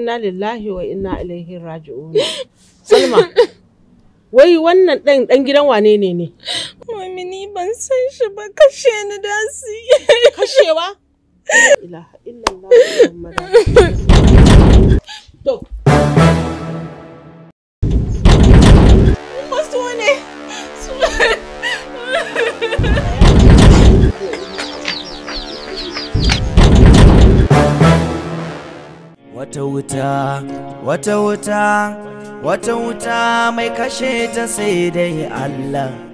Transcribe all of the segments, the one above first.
inna lillahi wa inna ilaihi raji'un salma wai wannan ɗan ɗan gidan wane ne ne mami ni ban san shi ba kashe ni da su kashewa ilaha to wasu ne wata wuta wata wuta wata wuta mai kashe ta sai dai Allah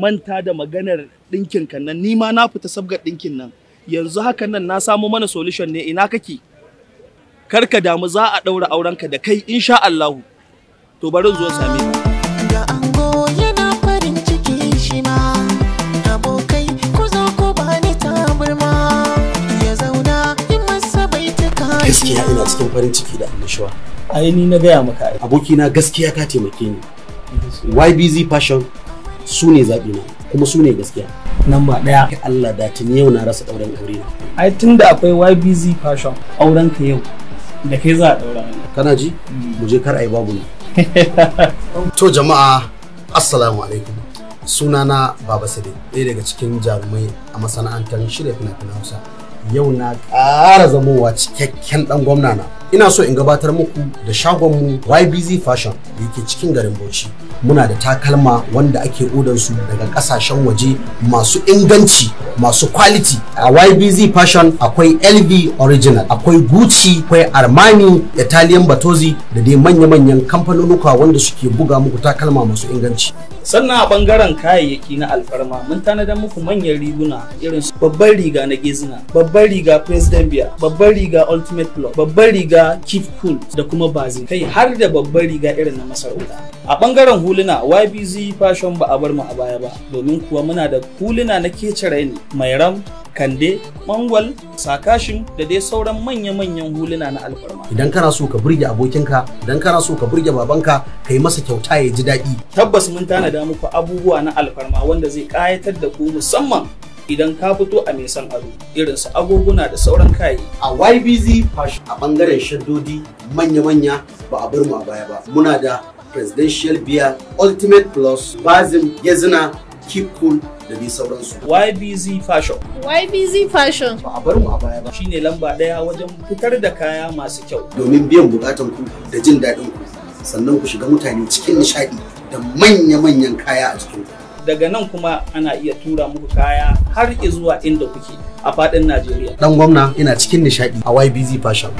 manta da maganar ɗinkin kan nan ni ma na fita sabgar ɗinkin nan yanzu hakan nan na samo mana solution ne ina kake kar ka damu za a ɗaura aurenka da kai insha Allahu to bari zuwa same ka gaskiya ina cikin farin ciki da annashuwa ai ni na gaya maka abokina gaskiya ka taimake ni YBZ Fashion su ne zaɓi kuma su ne gaskiya namba ɗaya Allah da tun yau na rasa auren aure na ai tun da akwai YBZ fashion auren ka yau da kai za a ɗaura kana ji hmm. mu je kar a yi babu ne to jama'a assalamu alaikum sunana baba sade ɗaya daga cikin jarumai a masana'antar shirya fina-finan hausa yau na ƙara zamowa cikakken ɗan gwamna na ina so in gabatar muku da shagon mu. YBZ Fashion da yake cikin garin Bauchi. Muna da takalma wanda ake su daga kasashen waje masu inganci, masu quality. A YBZ Fashion akwai LV Original, akwai Gucci, akwai Armani, Italian Batozi da dai manya-manyan kamfanonuka wanda suke buga muku takalma masu inganci. Sannan a bangaren kayayyaki na alfarma mun tanadar muku manyan riguna irin su babbar riga na gizina, babbar riga President Bia, babbar riga Ultimate Plus, babbar riga riga keep cool da kuma bazin kai har da babbar riga irin na masarauta a bangaren huluna YBZ fashion ba a bar mu a baya ba domin kuwa muna da huluna na kecere ne mai ram kande mangwal sakashin da dai sauran manya-manyan huluna na alfarma idan kana so ka burge abokinka idan kana so ka burge babanka ka yi masa kyauta ya ji daɗi tabbas mun tanada muku abubuwa na alfarma wanda zai ƙayatar da ku musamman idan ka fito a nisan ado irin su agoguna da sauran kayi. A YBZ fashion a bangaren shaddodi manya-manya ba a bar mu a baya ba. Muna da Presidential Beer, Ultimate Plus, Bazin, Gezina, Keep Cool, da dai sauransu. YBZ Fashion. YBZ Fashion. Ba a bar mu a baya ba. Shine lamba ɗaya wajen fitar da kaya masu kyau. Domin biyan bukatan ku da jin daɗin ku. Sannan ku shiga mutane cikin nishaɗi da manya-manyan kaya a cikin ku. daga nan kuma ana iya tura muku kaya har zuwa inda kuke a faɗin Najeriya. Dan gwamna ina cikin nishaɗi a YBZ Fashion.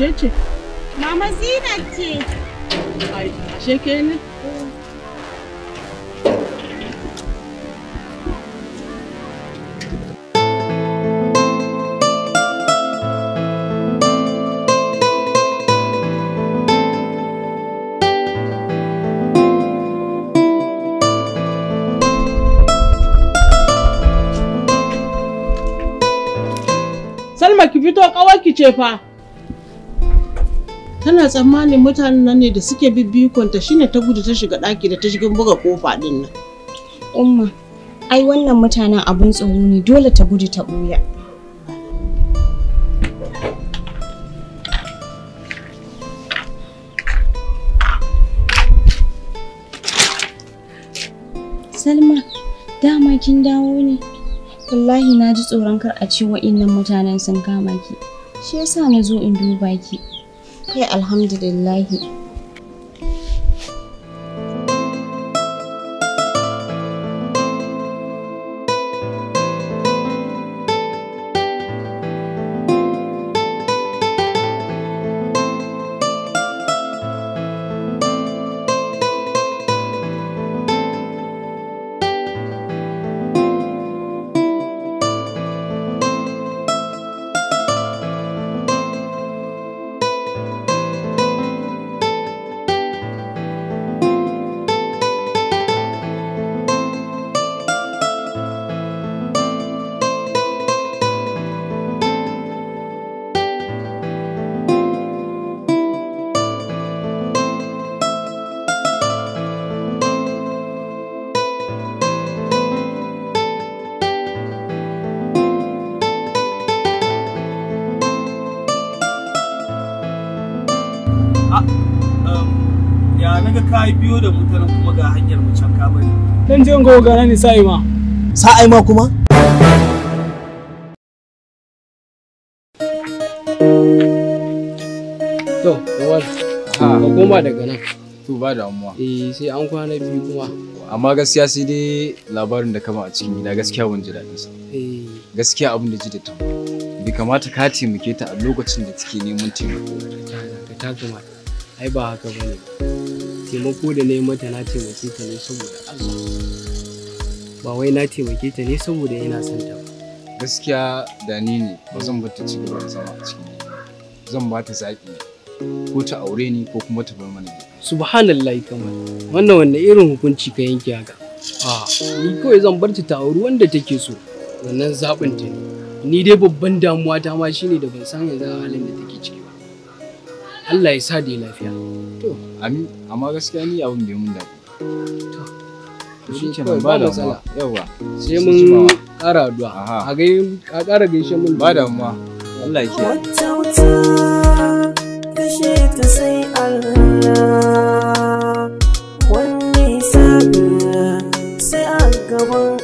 ce ce? Mama Zina ce. Ai, ashe Salma ki fito kawai ce fa. Tana tsammanin mutanen nan ne da suke bibbikonta shine ta gudu ta shiga ɗaki da ta shiga buga kofa ɗin nan. Umma, ai wannan mutanen abun tsoro ne dole ta gudu ta ɓuya. Salma, dama kin dawo ne? Wallahi na ji tsoron kar a ce wa'innan mutanen sun kama ki. Shi yasa na zo in duba ki. kai alhamdulillahi ka dan je ga gara ne sa'i ma sa'i ma kuma to wal ah. daga nan to ba damuwa eh sai an kwana biyu kuma amma gaskiya sai dai labarin da kama a cikin gida gaskiya ban ji daɗin sa eh. gaskiya abin da ji da ta bai kamata ka taimake ta a lokacin da take neman taimako ka ta ai ba haka bane taimako da na yi mata na taimake ta ne saboda Allah ba wai na taimake ta ne saboda yana son ta gaskiya da ni ne ba zan bata ci gaba da zama a cikin zan ba ta zaki ko ta aure ni ko kuma ta bar mana subhanallah kamar wannan wanne irin hukunci ka yanke haka a ni kawai zan bar ta aure auri wanda take so wannan zaɓin ta ne ni dai babban damuwa ta ma shine da ban san yanzu halin da take ciki ba Allah ya sa da lafiya To, amin, amma gaskiya ni abin mun To, da Sai mun ƙara addu'a. A ga a gaishe mun. Ba da mu. Allah ya Kashe ta sai Allah. a gaban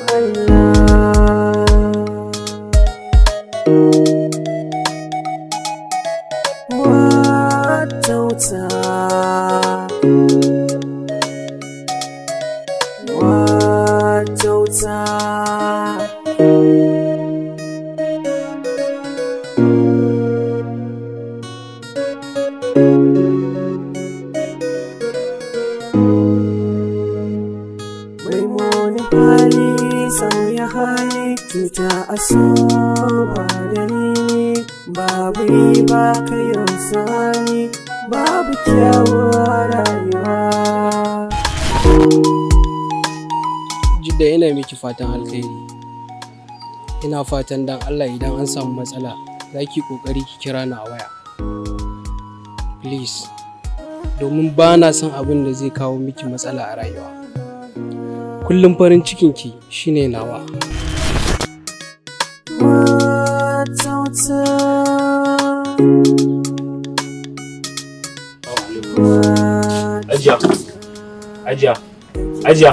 fatan alkhairi ina fatan dan allah idan an samu matsala za ki ƙoƙari ki kira ni a waya please domin ba na son abin da zai kawo miki matsala a rayuwa kullum farin ki shine nawa Ajiya, ajiya, ajiya.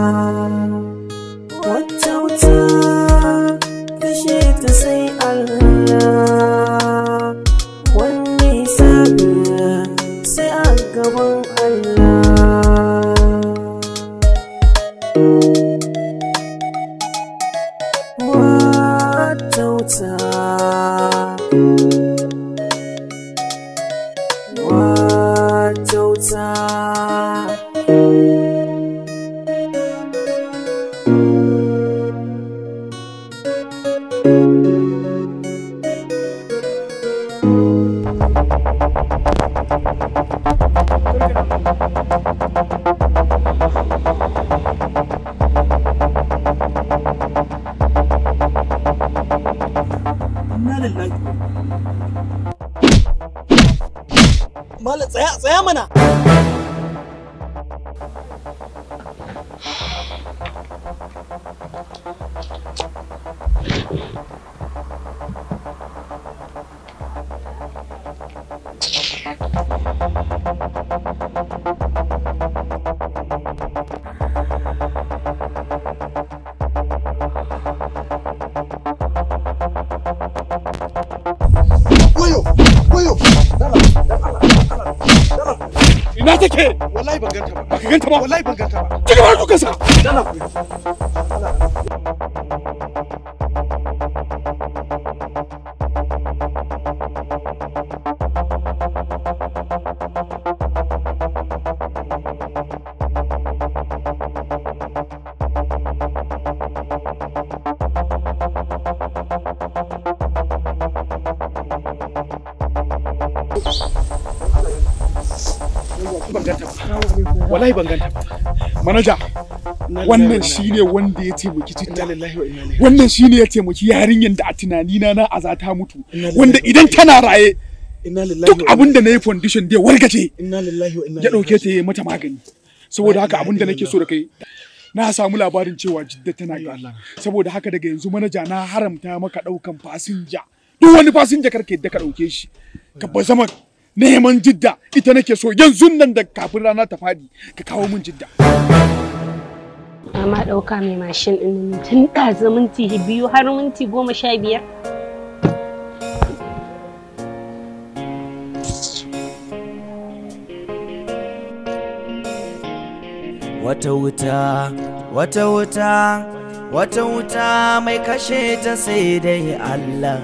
ƙasa take wallahi ban ganta ba ka ganta ba wallahi ban ganta ba ba ban ganta ba wallahi ban ganta ba manaja wannan shine wanda ya taimaki citta wannan shine ya taimaki yarinyar da a tunani na na azata mutu wanda idan tana raye duk abin da na yi foundation dai wargaje ya dauke ta yi mata magani saboda haka abin da nake so da kai na samu labarin cewa jidda tana ga saboda haka daga yanzu manaja na haramta maka daukan fasinja duk wani fasinja karka yadda ka dauke shi ka ba zama neman jidda ita nake so yanzu nan da kafin rana ta fadi ka kawo min jidda amma ɗauka mai mashin ɗin tun ɗazu minti biyu har minti goma sha biyar wata wuta wata wuta wata wuta mai kashe ta sai dai Allah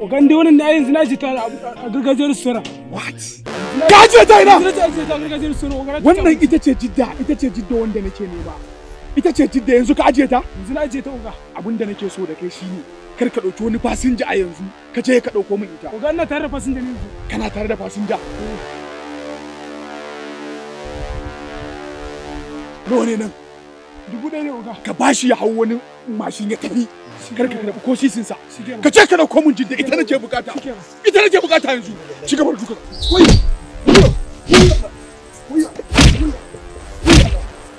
Ogan dai wannan ayin suna ce ta a gargajiyar sura. What? Ka ce ta ina? Wannan ita ce jidda, ita ce jidda wanda nake nema. Ita ce jidda yanzu ka ajiye ta? Yanzu na ajiye ta oga. Abin da nake so da kai shine kar ka dauki wani fasinja a yanzu ka je ka dauko min ita. Oga ina tare da fasinja ne yanzu. Kana tare da fasinja? Eh. Nawa ne nan? Dubu ɗaya ne oga. Ka bashi ya hau wani mashin ya tafi. kar ka karɓi ko sisin ka ce ka dauko min jidda ita nake bukata ita nake bukata yanzu ci gaba da duka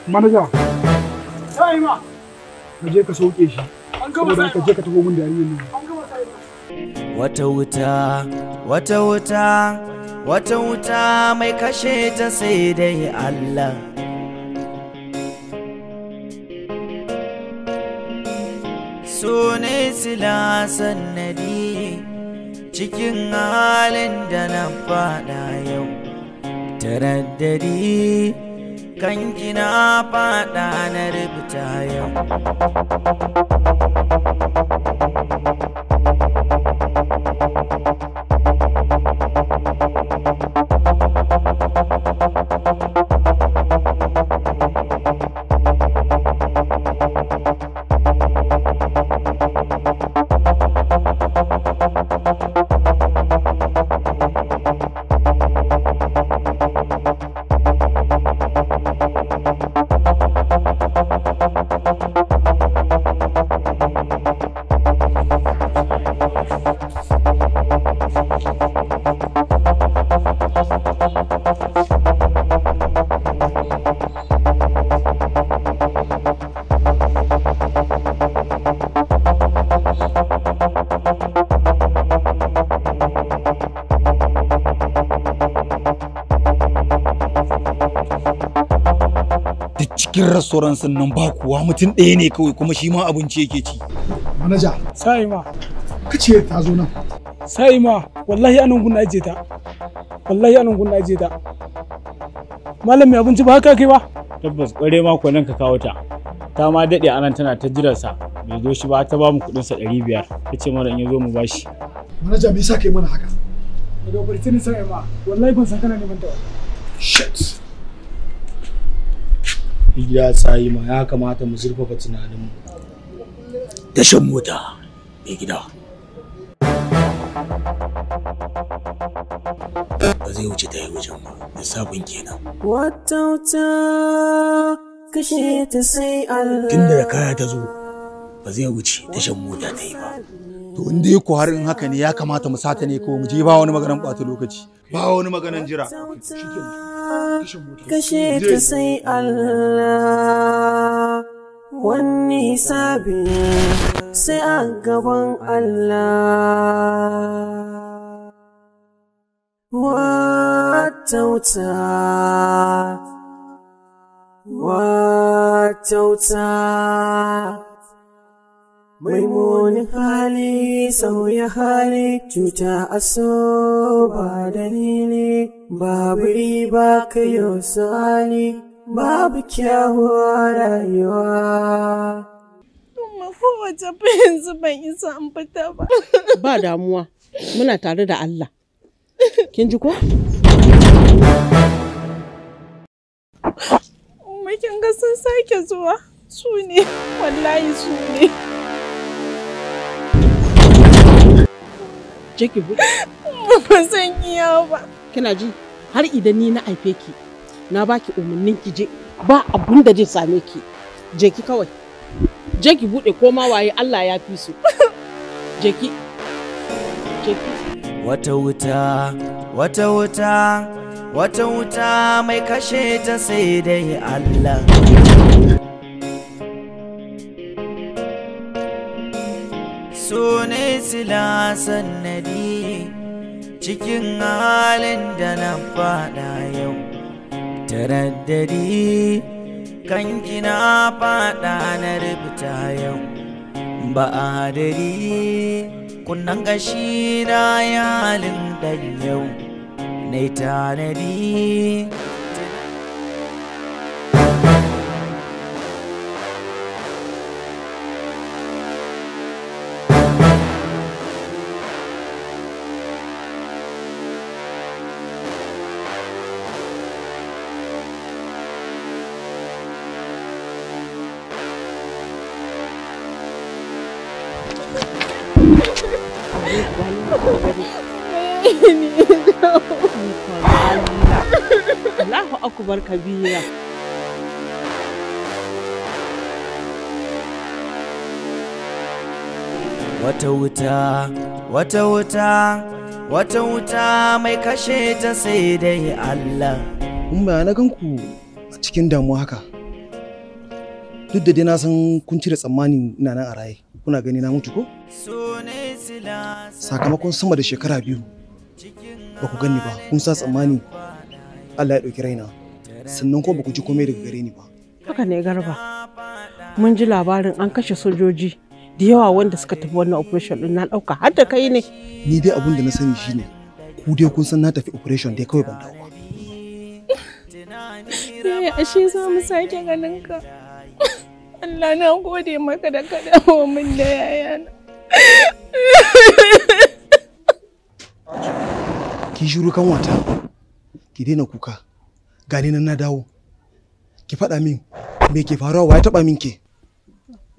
manaja sai ma ka je ka sauke shi saboda ka je ka taho min dariyar nan wata wuta wata wuta wata wuta mai kashe ta sai dai Allah so ne sila sannadi cikin halin da na fada yau taraddadi kan gina fada na rubuta yau cikin restaurant nan ba kuwa mutum ɗaya ne kawai kuma shi ma abinci yake ci. Manaja. Sai ma. Kace ta zo nan. Sai ma wallahi anan gun na ajiye ta. Wallahi anan gun na ta. Malam mai abinci ba haka kai ba? Tabbas kware ma ko nan ka kawo ta. Ta ma daɗe anan tana ta jiran sa. Bai zo shi ba ta ba mu kuɗin sa 500. Kace mana in yazo zo mu shi. Manaja me yasa kai mana haka? Daga opportunity sai ma wallahi ban san kana neman ta. Shit. gida tsayi ma ya kamata mu zurfafa tunaninmu. Tashan mota mai gida. Ba zai wuce ta yi wajen ba, da sabon kenan. kashe ta sai Allah. Tun da kaya ta zo, ba zai wuce tashan mota ta yi ba. To in dai ku har in haka ne ya kamata mu sata ne ko mu je ba wani maganar ɓata lokaci. ba wani maganan jira kashe ta sai Allah wani sabi sai a gaban Allah wata wuta wata wuta Maimuni hali sauya hali cuta aso ba dalili babu riba yau sani babu kyawuwa rayuwa. Kuma kowace yanzu ban isa an fita ba. Ba damuwa muna tare da Allah. Kin ji ko? Kuma kin ga sun sake zuwa su ne wallahi su ne. je ki buɗe. Ba san iya ba. Kina ji har idan ni na haife ki na baki umarnin ki je ba abun da zai same ki je ki kawai. Je ki buɗe ko ma waye Allah ya fi su. Je ki. Je ki. Wata wuta, wata wuta, wata wuta mai kashe ta sai dai Allah. sune silasan ne cikin halin da na fada yau taraddadi kan gina fada na rubuta yau ba a dari kunnan gashi na yalin dan yau na tanadi babbar kabila wata wuta wata wuta wata wuta mai kashe ta sai dai Allah kun ba na ganku a cikin damuwa haka duk da dai na san kun cire tsammanin ina nan a raye kuna gani na mutu ko sakamakon sama da shekara biyu ba ku gani ba kun sa tsammani Allah ya ɗauki raina sannan kuma baku ji komai daga gare ni ba haka ne garba mun ji labarin an kashe sojoji da yawa wanda suka tafi wannan operation din na dauka har da kai ne ni dai abun da na sani shine ku dai kun san na tafi operation dai kawai ban dawo ba yaya eh, ashe za mu sake ganin ka Allah na gode maka da ka dawo min da yayana ki shiru kan wata ki daina kuka gani nan na dawo ki faɗa min me ke faruwa wa ya taɓa min ke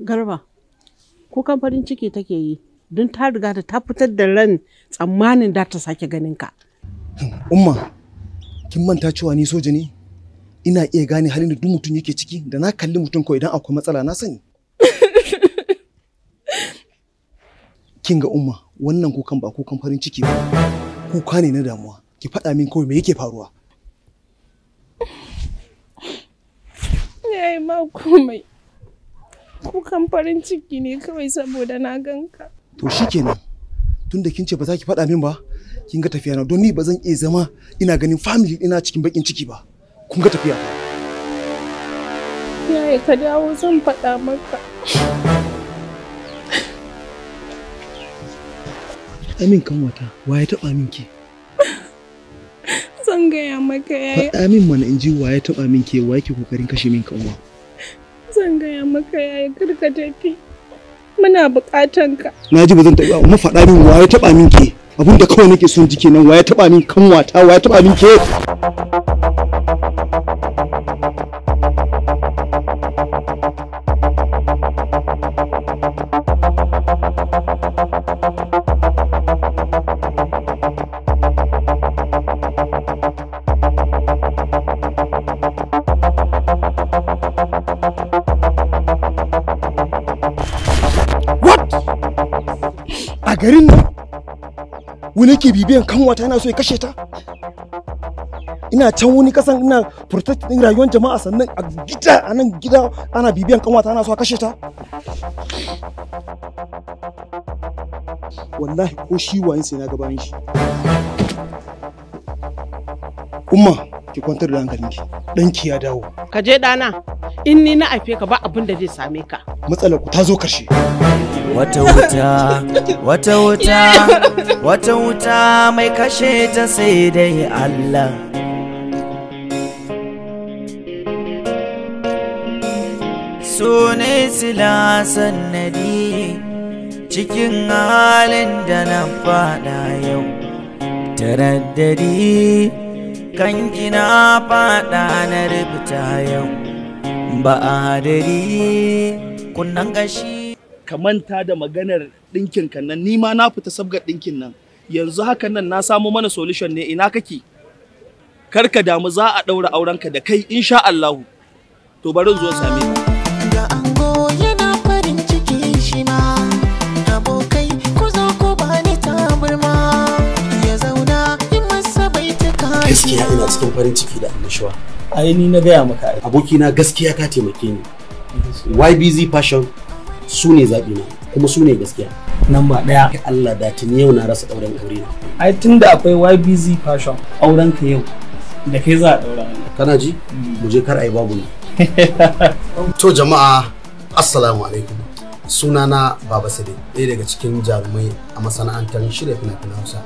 garba kukan farin ciki take yi don ta riga da ta fitar da ran tsammanin da ta sake ganin ka hmm, umma kin manta cewa ni soja ne ina iya gane halin da duk mutum yake ciki da na kalli mutum ko idan akwai matsala na sani kinga ga umma wannan kukan ba kukan farin ciki ba kuka ne na damuwa ki faɗa min kawai me yake faruwa ya yi ma komai. Kukan farin ciki ne kawai saboda na ganka. To shi kenan, tunda kin ce ba za ki faɗa min ba, kin ga tafiya na don ni ba zan iya zama ina ganin family ina cikin bakin ciki ba. Kun ga tafiya ta. Yaya ka dawo zan faɗa maka. Amin kan wata, wa ya taɓa min ke? son gaya maka yayi. Faɗa min mana in ji wa ya taɓa min ke wa yake kokarin kashe min kanwa. Zan gaya maka yayi karka tafi. Muna buƙatan ka. Na ji ba zan taɓa amma faɗa min wa ya taɓa min ke. Abin da kawai nake son ji kenan wa ya taɓa min kanwata wa ya taɓa min ke. garin nan wani ke bibiyan kanwata yana so ya kashe ta ina can wani kasan ina protect din rayuwar jama'a sannan a gida a nan gida ana bibiyan kanwata yana so a kashe ta wallahi ko shi wayin sai na gabanin shi umma ki kwantar da dan danki ya dawo ka je dana in ni na aife ka ba abin da zai same ka matsalar ku ta zo karshe wata wuta wata wuta wata wuta mai kashe ta sai dai Allah so ne sila sannadi cikin halin da na fada yau taraddadi kan gina fada na rubuta yau ba hadari kunnan gashi ka manta da maganar ɗinkin nan ni ma na fita sabgar ɗinkin nan yanzu hakan nan na samo mana solution ne ina kake kar ka damu za a ɗaura aurenka da kai insha Allahu to bari zo same ni. gaskiya ina cikin farin ciki da annashuwa ai ni na gaya maka abokina gaskiya ka taimake ni YBZ Fashion su ne zaɓi kuma su ne gaskiya namba ɗaya Allah da tun yau na rasa auren aure na ai tunda akwai YBZ fashion auren ka yau da kai za a ɗaura kana ji hmm. mu je kar a yi babu ne to jama'a assalamu alaikum sunana baba sade ɗaya daga cikin jarumai a masana'antar shirya fina-finan hausa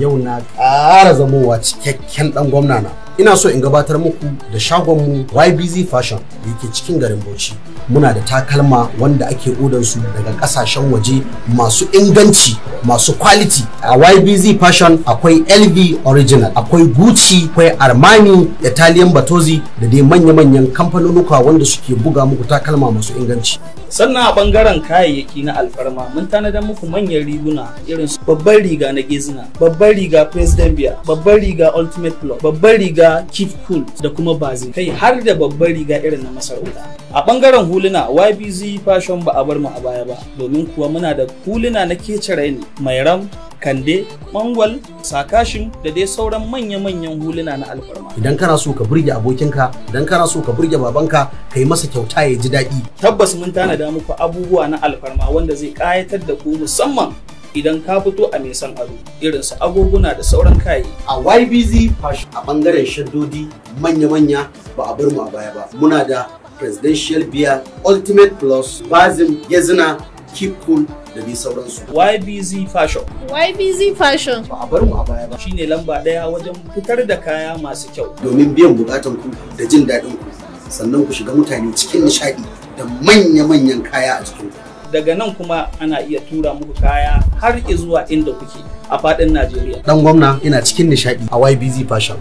yau na ƙara zamowa cikakken ɗan gwamna na ina so in gabatar muku da shagon mu. YBZ Fashion da yake cikin garin Bauchi. Muna da takalma wanda ake su daga kasashen waje masu inganci, masu quality. A YBZ Fashion akwai LV Original, akwai Gucci, akwai Armani, Italian Batozi da dai manya-manyan kamfanonuka wanda suke buga muku takalma masu inganci. Sannan a bangaren kayayyaki na alfarma mun tanadar muku manyan riguna irin su babbar riga na Gizna, babbar riga President Bia, babbar riga Ultimate Plus, babbar riga riga keep cool da kuma bazin. kai har da babbar riga irin na masarauta a bangaren huluna YBZ fashion ba a bar mu a baya ba domin kuwa muna da huluna na kecere ne mai ram kande mangwal sakashin da dai sauran manya-manyan huluna na alfarma idan kana so ka burge abokinka idan kana so ka burge babanka ka yi masa kyauta ya ji daɗi tabbas mun tanada muku abubuwa na alfarma wanda zai ƙayatar da ku musamman idan ka fito a nisan ado irin su agoguna da sauran kayi. A YBZ fashion a bangaren shaddodi manya-manya ba a bar mu a baya ba. Muna da Presidential Beer, Ultimate Plus, Bazin, Gezina, Keep Cool, da dai sauransu. YBZ Fashion. YBZ Fashion. Ba a bar mu a baya ba. Shine lamba daya wajen fitar da kaya masu kyau. Domin biyan bukatan ku da jin daɗin ku. Sannan ku shiga mutane cikin nishaɗi da manya-manyan kaya a cikin ku. daga nan kuma ana iya tura muku kaya har zuwa inda kuke a faɗin Najeriya. Dan gwamna ina cikin nishaɗi a YBZ Fashion.